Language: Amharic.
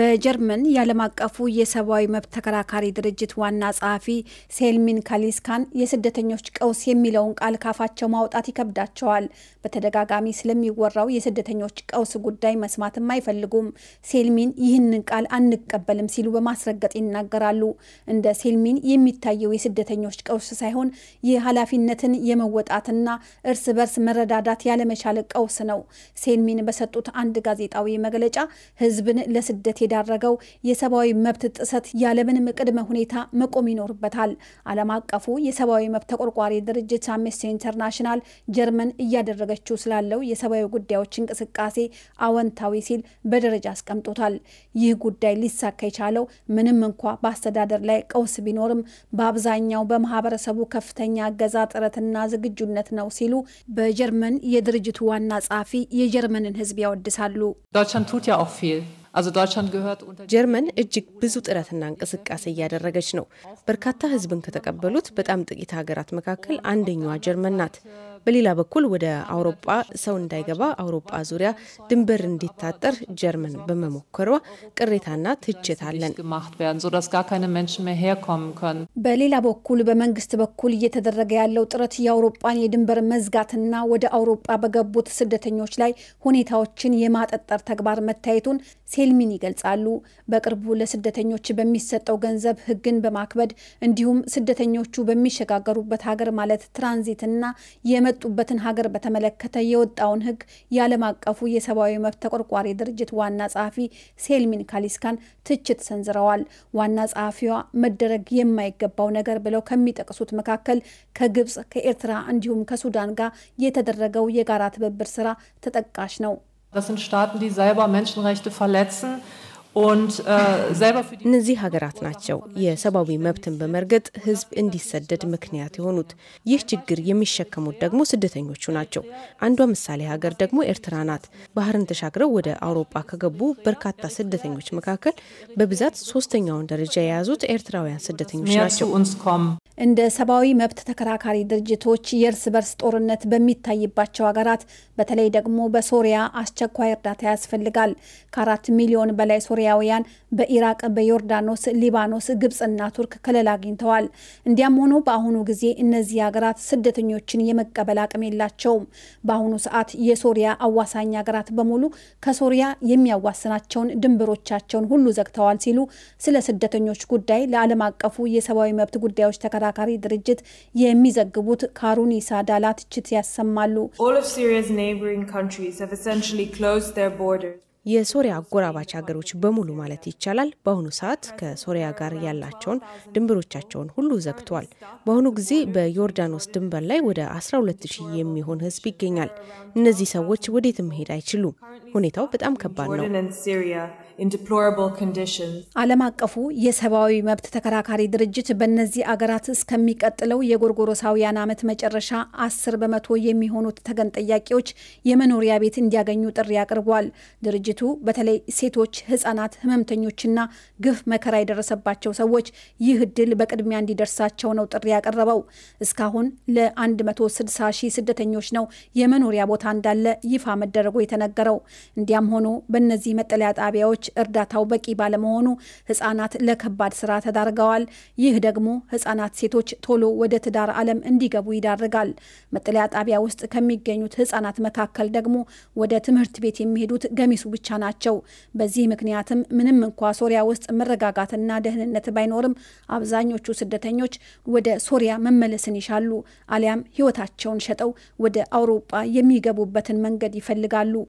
በጀርመን የዓለም አቀፉ የሰብአዊ መብት ተከራካሪ ድርጅት ዋና ጸሐፊ ሴልሚን ካሊስካን የስደተኞች ቀውስ የሚለውን ቃል ካፋቸው ማውጣት ይከብዳቸዋል። በተደጋጋሚ ስለሚወራው የስደተኞች ቀውስ ጉዳይ መስማትም አይፈልጉም። ሴልሚን ይህንን ቃል አንቀበልም ሲሉ በማስረገጥ ይናገራሉ። እንደ ሴልሚን የሚታየው የስደተኞች ቀውስ ሳይሆን የኃላፊነትን የመወጣትና እርስ በርስ መረዳዳት ያለመቻል ቀውስ ነው። ሴልሚን በሰጡት አንድ ጋዜጣዊ መግለጫ ህዝብን ለስደት የዳረገው የሰብአዊ መብት ጥሰት ያለምንም ቅድመ ሁኔታ መቆም ይኖርበታል። ዓለም አቀፉ የሰብአዊ መብት ተቆርቋሪ ድርጅት አምነስቲ ኢንተርናሽናል ጀርመን እያደረገችው ስላለው የሰብአዊ ጉዳዮች እንቅስቃሴ አወንታዊ ሲል በደረጃ አስቀምጦታል። ይህ ጉዳይ ሊሳካ የቻለው ምንም እንኳ በአስተዳደር ላይ ቀውስ ቢኖርም በአብዛኛው በማህበረሰቡ ከፍተኛ እገዛ ጥረትና ዝግጁነት ነው ሲሉ በጀርመን የድርጅቱ ዋና ጸሐፊ የጀርመንን ሕዝብ ያወድሳሉ። ቱት ያ ፊል ጀርመን እጅግ ብዙ ጥረትና እንቅስቃሴ እያደረገች ነው። በርካታ ሕዝብን ከተቀበሉት በጣም ጥቂት ሀገራት መካከል አንደኛዋ ጀርመን ናት። በሌላ በኩል ወደ አውሮጳ ሰው እንዳይገባ አውሮጳ ዙሪያ ድንበር እንዲታጠር ጀርመን በመሞከሯ ቅሬታና ትችት አለን። በሌላ በኩል በመንግስት በኩል እየተደረገ ያለው ጥረት የአውሮጳን የድንበር መዝጋትና ወደ አውሮጳ በገቡት ስደተኞች ላይ ሁኔታዎችን የማጠጠር ተግባር መታየቱን ሴልሚን ይገልጻሉ። በቅርቡ ለስደተኞች በሚሰጠው ገንዘብ ህግን በማክበድ እንዲሁም ስደተኞቹ በሚሸጋገሩበት ሀገር ማለት ትራንዚትና የመ የመጡበትን ሀገር በተመለከተ የወጣውን ህግ የዓለም አቀፉ የሰብአዊ መብት ተቆርቋሪ ድርጅት ዋና ጸሐፊ ሴልሚን ካሊስካን ትችት ሰንዝረዋል። ዋና ጸሐፊዋ መደረግ የማይገባው ነገር ብለው ከሚጠቅሱት መካከል ከግብፅ፣ ከኤርትራ እንዲሁም ከሱዳን ጋር የተደረገው የጋራ ትብብር ስራ ተጠቃሽ ነው። Äh, እነዚህ ሀገራት ናቸው የሰብአዊ መብትን በመርገጥ ህዝብ እንዲሰደድ ምክንያት የሆኑት። ይህ ችግር የሚሸከሙት ደግሞ ስደተኞቹ ናቸው። አንዷ ምሳሌ ሀገር ደግሞ ኤርትራ ናት። ባህርን ተሻግረው ወደ አውሮፓ ከገቡ በርካታ ስደተኞች መካከል በብዛት ሶስተኛውን ደረጃ የያዙት ኤርትራውያን ስደተኞች ናቸው። እንደ ሰብአዊ መብት ተከራካሪ ድርጅቶች የእርስ በርስ ጦርነት በሚታይባቸው ሀገራት በተለይ ደግሞ በሶሪያ አስቸኳይ እርዳታ ያስፈልጋል። ከአራት ሚሊዮን በላይ ሶሪያውያን በኢራቅ፣ በዮርዳኖስ፣ ሊባኖስ፣ ግብፅና ቱርክ ከለላ አግኝተዋል። እንዲያም ሆኖ በአሁኑ ጊዜ እነዚህ ሀገራት ስደተኞችን የመቀበል አቅም የላቸውም። በአሁኑ ሰዓት የሶሪያ አዋሳኝ ሀገራት በሙሉ ከሶሪያ የሚያዋስናቸውን ድንበሮቻቸውን ሁሉ ዘግተዋል ሲሉ ስለ ስደተኞች ጉዳይ ለዓለም አቀፉ የሰብአዊ መብት ጉዳዮች ተከራካሪ ድርጅት የሚዘግቡት ካሩኒሳ ሳዳላ ትችት ያሰማሉ። የሶሪያ አጎራባች ሀገሮች በሙሉ ማለት ይቻላል በአሁኑ ሰዓት ከሶሪያ ጋር ያላቸውን ድንበሮቻቸውን ሁሉ ዘግተዋል። በአሁኑ ጊዜ በዮርዳኖስ ድንበር ላይ ወደ 120 የሚሆን ህዝብ ይገኛል። እነዚህ ሰዎች ወዴት መሄድ አይችሉም። ሁኔታው በጣም ከባድ ነው። ዓለም አቀፉ የሰብአዊ መብት ተከራካሪ ድርጅት በእነዚህ አገራት እስከሚቀጥለው የጎርጎሮሳውያን ዓመት መጨረሻ አስር በመቶ የሚሆኑት ተገን ጠያቂዎች የመኖሪያ ቤት እንዲያገኙ ጥሪ አቅርቧል። ድርጅቱ በተለይ ሴቶች፣ ህጻናት፣ ህመምተኞችና ግፍ መከራ የደረሰባቸው ሰዎች ይህ እድል በቅድሚያ እንዲደርሳቸው ነው ጥሪ ያቀረበው። እስካሁን ለ160 ሺህ ስደተኞች ነው የመኖሪያ ቦታ እንዳለ ይፋ መደረጉ የተነገረው። እንዲያም ሆኖ በእነዚህ መጠለያ ጣቢያዎች እርዳታው በቂ ባለመሆኑ ህጻናት ለከባድ ስራ ተዳርገዋል። ይህ ደግሞ ህጻናት ሴቶች ቶሎ ወደ ትዳር ዓለም እንዲገቡ ይዳርጋል። መጠለያ ጣቢያ ውስጥ ከሚገኙት ህጻናት መካከል ደግሞ ወደ ትምህርት ቤት የሚሄዱት ገሚሱ ብቻ ናቸው። በዚህ ምክንያትም ምንም እንኳ ሶሪያ ውስጥ መረጋጋትና ደህንነት ባይኖርም አብዛኞቹ ስደተኞች ወደ ሶሪያ መመለስን ይሻሉ፣ አሊያም ህይወታቸውን ሸጠው ወደ አውሮጳ የሚገቡበትን መንገድ ይፈልጋሉ።